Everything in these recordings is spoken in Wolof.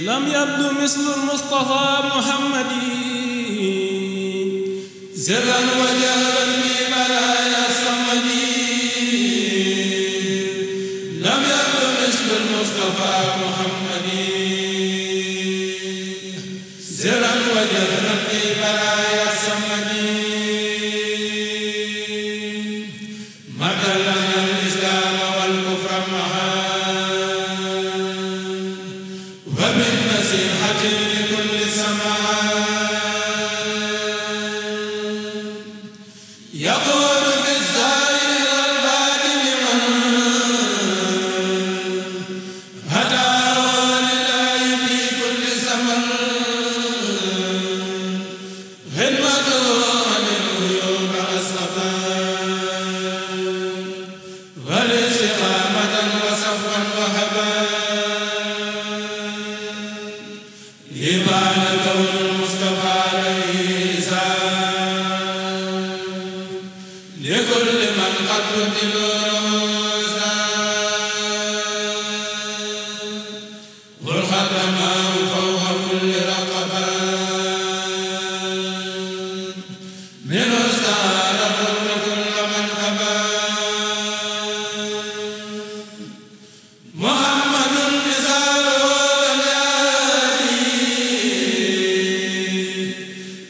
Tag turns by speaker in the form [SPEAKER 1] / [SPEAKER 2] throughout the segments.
[SPEAKER 1] لم يبدو مثل المصطفى محمد زرا وجهلا بمرايا الصمد لم يبدو مثل المصطفى محمد subhaanaka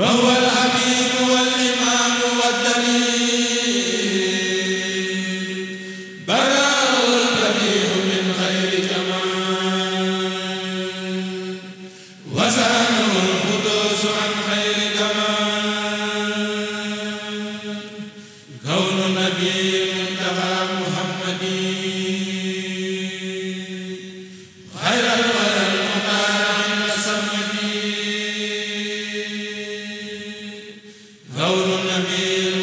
[SPEAKER 1] waaw xawlu nabi